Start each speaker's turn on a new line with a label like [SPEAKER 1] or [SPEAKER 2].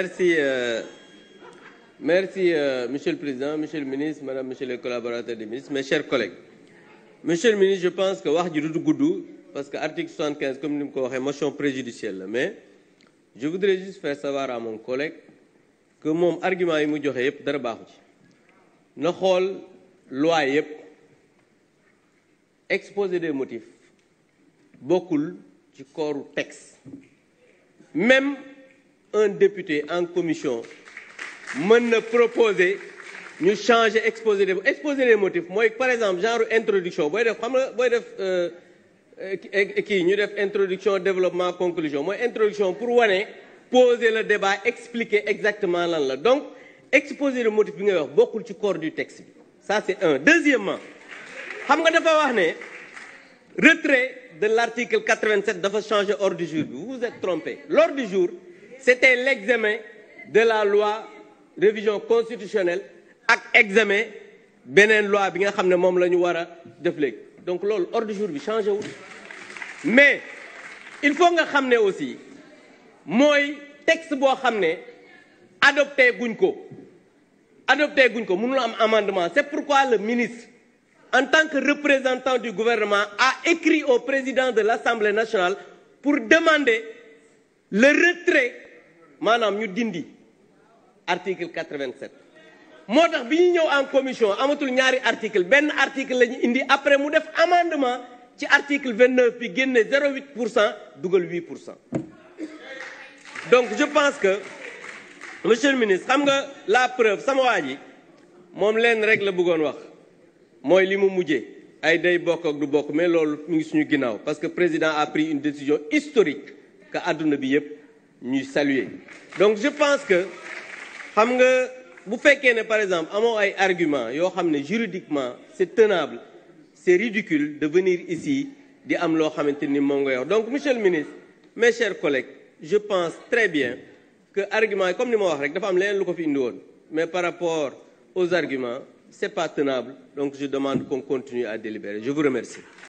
[SPEAKER 1] Merci, euh, merci euh, Monsieur le Président, Monsieur le Ministre, Madame, Monsieur les collaborateurs des ministres, mes chers collègues. Monsieur le Ministre, je pense que wax ji du gudd parce que article 75 comme ni mu ko waxee motion préjudicielle la mais je voudrais juste faire savoir à mon collègue que moom argument yi mu joxe yëpp dara baaxu ci na xool loi yëpp exposé des motifs bokkul ci kooru texte un député en commission mën na proposer ñu changer exposé des exposé des mooy par exemple genre introduction booy def xam nga booy def euh, e, kii ñu def introduction développement conclusion mooy introduction pour wane poser le débat expliquer exactement lan la donc exposer des motifs bi ngay wax bokkul ci corps du texte bi ça c'est un deuxièmement xam nga dafa wax ne retrait de l'article 87 dafa changer ordre du jour bi vous vous êtes trompé l'ordre du jour c'était l'examen de la loi révision constitutionnelle ak examen beneen loi bi nga xam ne moom la ñu war a def léegi donc loolu ordre du jour bi changé wul mais il faut nga xam ne aussi mooy texte boo xam ne adopté guñ ko adopté guñ ko mënul am amendement c'est pourquoi le ministre en tant que représentant du gouvernement a écrit au président de l'Assemblée nationale pour demander le retrait maanaam ñu dindi article 87 moo tax bi ñu ñëw en commission amatul ñaari article benn article la ñu indi après mu def amendement ci article 29 bi génne 0,8 pour cent dugal 8 pour cent donc je pense que monsieur le ministre xam nga la preuve sama waa ji moom leen rek la bëggoon wax mooy li mu mujje ay day bokk ak du bokk mais loolu mu ngi suñu ginnaaw parce que président a pris une décision historique que àdduna bi yépp ñuy saluer donc je pense que xam nga bu fekkee ne par exemple amoo ay argument yoo xam ne juridiquement c'est tenable c'est ridicule de venir ici di am loo xamante ni moom nga yor donc monsieur le ministre mes chers collègues je pense très bien que argument comme ni ma wax rek dafa am leneen lu ko fi indiwoon mais par rapport aux arguments c'est pas tenable donc je demande qu'on continue à délibérer je vous remercie